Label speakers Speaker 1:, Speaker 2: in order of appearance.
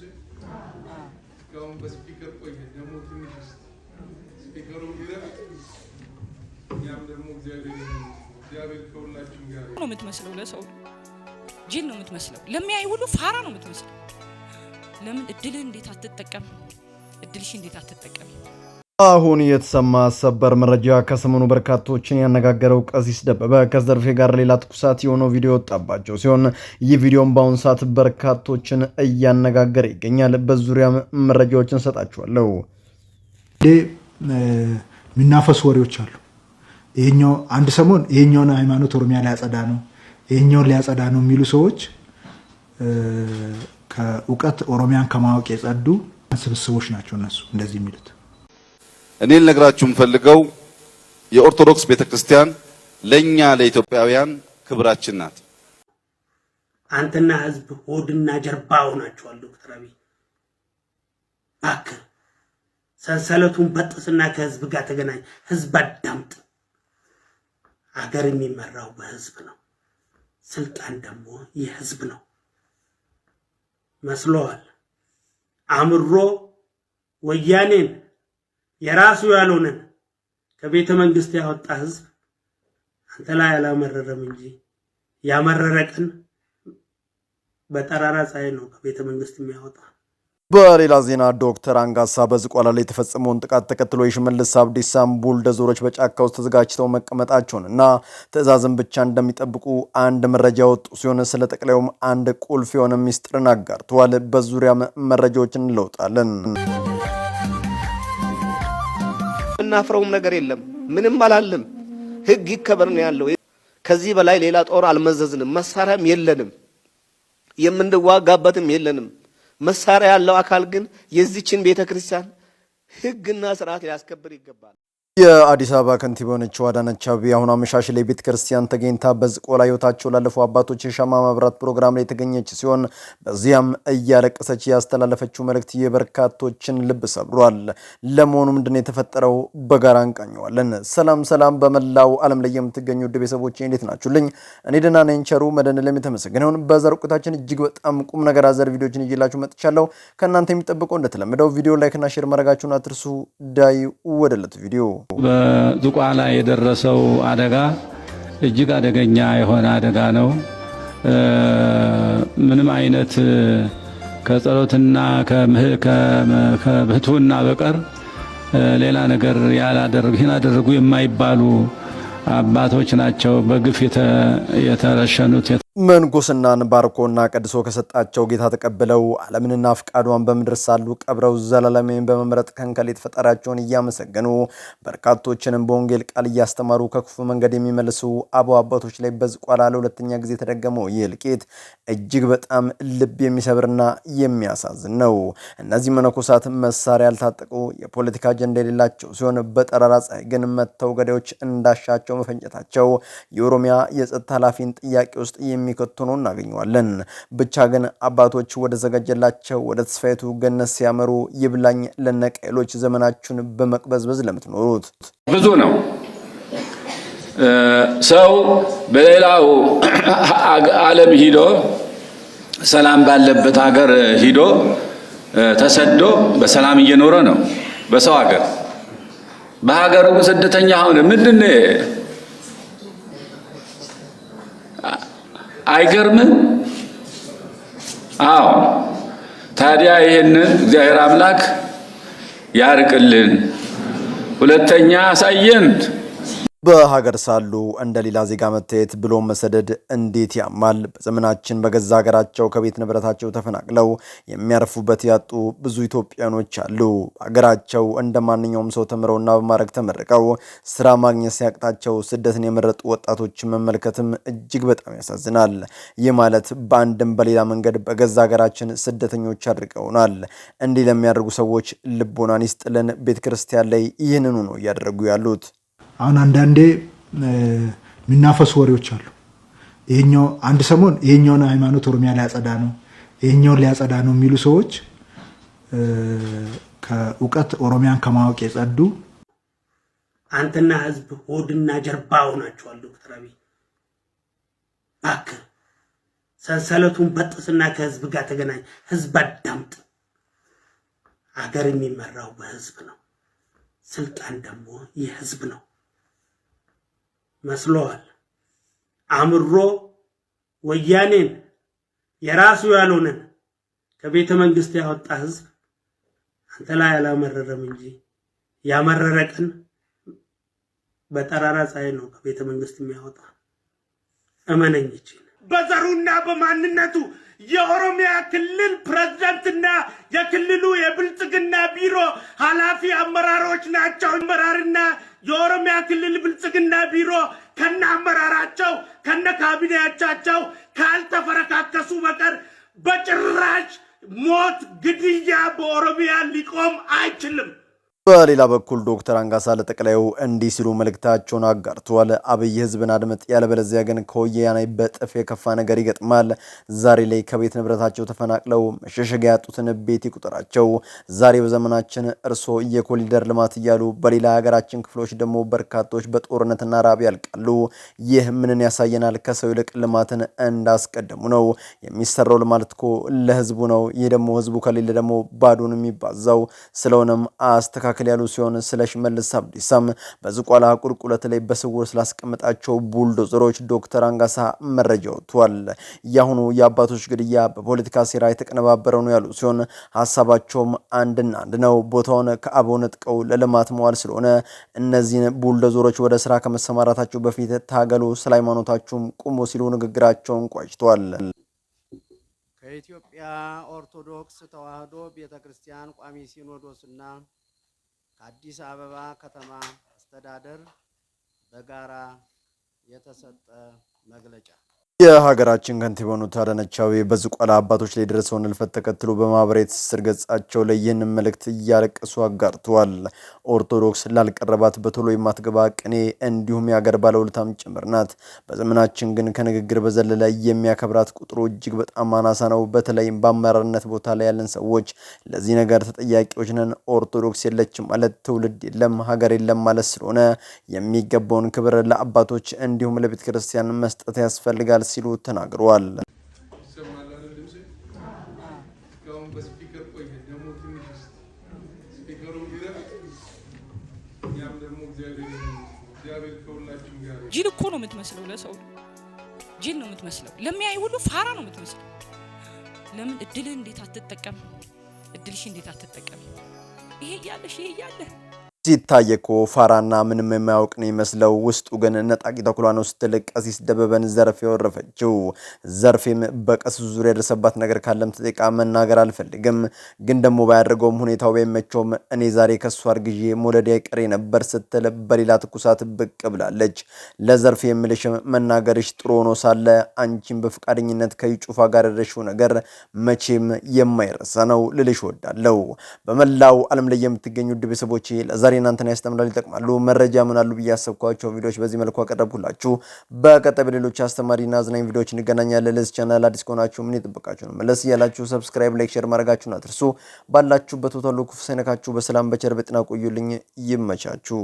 Speaker 1: ድምፅ እስካሁን በስፒከር ቆየ። ደግሞ ትንሽ ስፒከሩ ቢረፍት እኛም ደግሞ እግዚአብሔር ከሁላችን ጋር
Speaker 2: ነው። የምትመስለው ለሰው ጅል ነው የምትመስለው፣ ለሚያይ ሁሉ ፋራ ነው የምትመስለው። ለምን እድልህ እንዴት አትጠቀም? እድልሽ እንዴት አትጠቀም?
Speaker 3: አሁን የተሰማ ሰበር መረጃ ከሰሞኑ በርካቶችን ያነጋገረው ቀሲስ ደበበ ከዘርፌ ጋር ሌላ ትኩሳት የሆነው ቪዲዮ ወጣባቸው ሲሆን ይህ ቪዲዮም በአሁኑ ሰዓት በርካቶችን እያነጋገረ ይገኛል። በዙሪያ መረጃዎችን ሰጣችኋለሁ።
Speaker 4: የሚናፈሱ ወሬዎች አሉ። ይሄኛው አንድ ሰሞን ይሄኛውን ሃይማኖት ኦሮሚያ ሊያጸዳ ነው፣ ይሄኛውን ሊያጸዳ ነው የሚሉ ሰዎች ከእውቀት ኦሮሚያን ከማወቅ የጸዱ ስብስቦች ናቸው። እነሱ እንደዚህ የሚሉት
Speaker 5: እኔ ልነግራችሁ የምፈልገው የኦርቶዶክስ ቤተክርስቲያን ለኛ ለኢትዮጵያውያን ክብራችን ናት።
Speaker 6: አንተና ህዝብ ሆድና ጀርባ ሆናችኋል። ዶክተር አብይ እባክህ ሰንሰለቱን በጥስና ከህዝብ ጋር ተገናኝ። ህዝብ አዳምጥ። አገር የሚመራው በህዝብ ነው። ስልጣን ደግሞ የህዝብ ነው መስሎዋል አምሮ ወያኔን የራሱ ያልሆነ ከቤተ መንግስት ያወጣ ህዝብ አንተ ላይ አላመረረም እንጂ ያመረረ ቀን በጠራራ ፀሐይ ነው ከቤተ መንግስት የሚያወጣ።
Speaker 3: በሌላ ዜና ዶክተር አንጋሳ በዝቋላ ላይ የተፈጸመውን ጥቃት ተከትሎ የሽመልስ አብዲሳን ቡልደዞሮች በጫካ ውስጥ ተዘጋጅተው መቀመጣቸውን እና ትዕዛዝን ብቻ እንደሚጠብቁ አንድ መረጃ ወጡ ሲሆን ስለ ጠቅላዩም አንድ ቁልፍ የሆነ ሚስጥርን አጋርተዋል። በዙሪያ መረጃዎችን እንለውጣለን።
Speaker 7: የምናፍረውም ነገር የለም። ምንም አላለም። ህግ ይከበር ነው ያለው። ከዚህ በላይ ሌላ ጦር አልመዘዝንም። መሳሪያም የለንም፣ የምንዋጋበትም የለንም። መሳሪያ ያለው አካል ግን የዚችን ቤተ ክርስቲያን ህግና ስርዓት ሊያስከብር ይገባል።
Speaker 3: የአዲስ አበባ ከንቲባ የሆነችው አዳነች አቤቤ አሁን አመሻሽ ላይ ቤተ ክርስቲያን ተገኝታ በዝቆላ ሕይወታቸው ላለፉ አባቶች የሻማ ማብራት ፕሮግራም ላይ የተገኘች ሲሆን በዚያም እያለቀሰች ያስተላለፈችው መልእክት የበርካቶችን ልብ ሰብሯል። ለመሆኑ ምንድን ነው የተፈጠረው? በጋራ እንቃኘዋለን። ሰላም ሰላም፣ በመላው ዓለም ላይ የምትገኙ ውድ ቤተሰቦች እንዴት ናችሁልኝ? እኔ ደህና ነኝ፣ ቸሩ መድኃኔዓለም የተመሰገነ ይሁን። በዛሬው ቆይታችን እጅግ በጣም ቁም ነገር አዘል ቪዲዮችን እየላችሁ መጥቻለሁ። ከእናንተ የሚጠብቀው እንደተለመደው ቪዲዮ ላይክና ሼር ማድረጋችሁን አትርሱ። ዳይ ወደለት ቪዲዮ
Speaker 8: በዝቋላ የደረሰው አደጋ እጅግ አደገኛ የሆነ አደጋ ነው። ምንም አይነት ከጸሎትና ከብህትውና በቀር ሌላ ነገር ያላደረጉ ይህን አደረጉ የማይባሉ አባቶች ናቸው በግፍ የተረሸኑት።
Speaker 3: ምንኩስናን ባርኮና ቀድሶ ከሰጣቸው ጌታ ተቀብለው ዓለምንና ፍቃዷን በምድር ሳሉ ቀብረው ዘላለሜን በመምረጥ ከንከሌት ፈጣሪያቸውን እያመሰገኑ በርካቶችንም በወንጌል ቃል እያስተማሩ ከክፉ መንገድ የሚመልሱ አበው አባቶች ላይ በዝቋላ ለሁለተኛ ጊዜ የተደገመው ይህ እልቂት እጅግ በጣም ልብ የሚሰብርና የሚያሳዝን ነው። እነዚህ መነኮሳት መሳሪያ ያልታጠቁ የፖለቲካ አጀንዳ የሌላቸው ሲሆን በጠራራ ፀሐይ ግን መተው ገዳዮች እንዳሻቸው መፈንጨታቸው የኦሮሚያ የጸጥታ ኃላፊን ጥያቄ ውስጥ የሚከትኑ እናገኘዋለን። ብቻ ግን አባቶች ወደ ዘጋጀላቸው ወደ ተስፋይቱ ገነት ሲያመሩ ይብላኝ ለነቀሎች ዘመናችሁን በመቅበዝበዝ ለምትኖሩት
Speaker 9: ብዙ ነው። ሰው በሌላው ዓለም ሂዶ ሰላም ባለበት ሀገር ሂዶ ተሰዶ በሰላም እየኖረ ነው። በሰው ሀገር በሀገሩ ስደተኛ ሆነ ምንድን አይገርምም? አዎ። ታዲያ ይህንን እግዚአብሔር አምላክ ያርቅልን። ሁለተኛ አሳየን።
Speaker 3: በሀገር ሳሉ እንደ ሌላ ዜጋ መታየት ብሎ መሰደድ እንዴት ያማል! በዘመናችን በገዛ ሀገራቸው ከቤት ንብረታቸው ተፈናቅለው የሚያርፉበት ያጡ ብዙ ኢትዮጵያኖች አሉ። ሀገራቸው እንደ ማንኛውም ሰው ተምረውና በማድረግ ተመርቀው ስራ ማግኘት ሲያቅታቸው ስደትን የመረጡ ወጣቶችን መመልከትም እጅግ በጣም ያሳዝናል። ይህ ማለት በአንድም በሌላ መንገድ በገዛ ሀገራችን ስደተኞች አድርገውናል። እንዲህ ለሚያደርጉ ሰዎች ልቦናን ይስጥልን። ቤተ ክርስቲያን ላይ ይህንኑ ነው እያደረጉ ያሉት።
Speaker 4: አሁን አንዳንዴ የሚናፈሱ ወሬዎች አሉ። ይሄኛው አንድ ሰሞን ይሄኛውን ሃይማኖት ኦሮሚያ ሊያጸዳ ነው፣ ይሄኛውን ሊያጸዳ ነው የሚሉ ሰዎች ከእውቀት ኦሮሚያን ከማወቅ የጸዱ
Speaker 6: አንተና ህዝብ ሆድና ጀርባ ሆናችኋል። ዶክተር አብይ እባክህ ሰንሰለቱን በጥስና ከህዝብ ጋር ተገናኝ። ህዝብ አዳምጥ። አገር የሚመራው በህዝብ ነው። ስልጣን ደግሞ የህዝብ ነው። መስለዋል። አምሮ ወያኔን የራሱ ያልሆነን ከቤተ መንግስት ያወጣ ህዝብ አንተ ላይ አላመረረም እንጂ ያመረረ ቀን በጠራራ ፀሐይ ነው ከቤተ መንግስት የሚያወጣ። እመነኝ።
Speaker 10: በዘሩና በማንነቱ የኦሮሚያ ክልል ፕሬዝዳንትና የክልሉ የብልጽግና ቢሮ ኃላፊ አመራሮች ናቸው። አመራርና የኦሮሚያ ክልል ብልጽግና ቢሮ ከነ አመራራቸው ከነ ካቢኔዎቻቸው ካልተፈረካከሱ በቀር በጭራሽ ሞት፣ ግድያ በኦሮሚያ ሊቆም አይችልም።
Speaker 3: በሌላ በኩል ዶክተር አንጋሳ ለጠቅላዩ እንዲህ ሲሉ መልእክታቸውን አጋርተዋል። አብይ ህዝብን አድምጥ፣ ያለበለዚያ ግን ከወያኔ በጥፍ የከፋ ነገር ይገጥማል። ዛሬ ላይ ከቤት ንብረታቸው ተፈናቅለው መሸሸግ ያጡትን ቤት ይቁጠራቸው። ዛሬ በዘመናችን እርሶ የኮሊደር ልማት እያሉ በሌላ የሀገራችን ክፍሎች ደግሞ በርካቶች በጦርነትና ራብ ያልቃሉ። ይህ ምንን ያሳየናል? ከሰው ይልቅ ልማትን እንዳስቀደሙ ነው። የሚሰራው ልማት እኮ ለህዝቡ ነው። ይህ ደግሞ ህዝቡ ከሌለ ደግሞ ባዶን የሚባዛው ስለሆነም አስተካ መካከል ያሉ ሲሆን ስለ ሽመልስ አብዲሳም በዝቋላ ቁልቁለት ላይ በስውር ስላስቀመጣቸው ቡልዶዘሮች ዶክተር አንጋሳ መረጃ ወጥቷል። የአሁኑ የአባቶች ግድያ በፖለቲካ ሴራ የተቀነባበረ ነው ያሉ ሲሆን ሀሳባቸውም አንድና አንድ ነው። ቦታውን ከአበው ነጥቀው ለልማት መዋል ስለሆነ እነዚህን ቡልዶዘሮች ወደ ስራ ከመሰማራታቸው በፊት ታገሉ፣ ስለ ሃይማኖታችሁም ቁሙ ሲሉ ንግግራቸውን ቋጭተዋል።
Speaker 11: ከኢትዮጵያ ኦርቶዶክስ ተዋህዶ ቤተ ክርስቲያን ቋሚ ሲኖዶስና ከአዲስ አበባ ከተማ አስተዳደር በጋራ የተሰጠ መግለጫ
Speaker 3: የሀገራችን ከንቲባ የሆኑት አዳነች አቤቤ በዝቋላ አባቶች ላይ የደረሰውን እልፈት ተከትሎ በማህበራዊ ትስስር ገጻቸው ላይ ይህንን መልእክት እያለቀሱ አጋርተዋል። ኦርቶዶክስ ላልቀረባት በቶሎ የማትገባ ቅኔ፣ እንዲሁም የሀገር ባለውለታም ጭምር ናት። በዘመናችን ግን ከንግግር በዘለለ የሚያከብራት ቁጥሩ እጅግ በጣም አናሳ ነው። በተለይም በአመራርነት ቦታ ላይ ያለን ሰዎች ለዚህ ነገር ተጠያቂዎች ነን። ኦርቶዶክስ የለችም ማለት ትውልድ የለም፣ ሀገር የለም ማለት ስለሆነ የሚገባውን ክብር ለአባቶች እንዲሁም ለቤተክርስቲያን መስጠት ያስፈልጋል ሲሉ ተናግረዋል።
Speaker 2: ጅል እኮ ነው የምትመስለው፣ ለሰው ጅል ነው የምትመስለው፣ ለሚያይ ሁሉ ፋራ ነው የምትመስለው። ለምን እድልህ እንዴት አትጠቀም? እድልሽ እንዴት አትጠቀም? ይሄ እያለሽ ይሄ እያለህ
Speaker 3: ሲታየ እኮ ፋራና ምንም የማያውቅ ነው ይመስለው፣ ውስጡ ግን ነጣቂ ተኩላ ነው ስትል ቀሲስ ደበበን ዘርፌ ወረፈችው። ዘርፌም በቀሲሱ ዙሪያ የደረሰባት ነገር ካለም ተጠቃ መናገር አልፈልግም፣ ግን ደግሞ ባያደርገውም ሁኔታው ባይመቸውም እኔ ዛሬ ከሱ አርግዤ መውለድ አይቀሬ ነበር ስትል በሌላ ትኩሳት ብቅ ብላለች። ለዘርፌ የምልሽ መናገርሽ ጥሩ ሆኖ ሳለ አንቺን በፈቃደኝነት ከይጩፋ ጋር ያደረሽው ነገር መቼም የማይረሳ ነው ልልሽ ወዳለው። በመላው ዓለም ላይ የምትገኙ ውድ ቤተሰቦቼ ዛሬ እናንተን ያስተምራል፣ ይጠቅማሉ፣ መረጃ ምናሉ ብዬ ያሰብኳቸው ቪዲዮዎች በዚህ መልኩ አቀረብኩላችሁ። በቀጣይ በሌሎች አስተማሪና አዝናኝ ቪዲዮዎች እንገናኛለን። ለዚህ ቻናል አዲስ ከሆናችሁ ምን ይጠበቃችሁ ነው? መለስ እያላችሁ ሰብስክራይብ፣ ላይክ፣ ሼር ማድረጋችሁን አትርሱ። ባላችሁበት ቦታ ሁሉ ክፉ ሳይነካችሁ በሰላም በቸር በጤና ቆዩልኝ። ይመቻችሁ።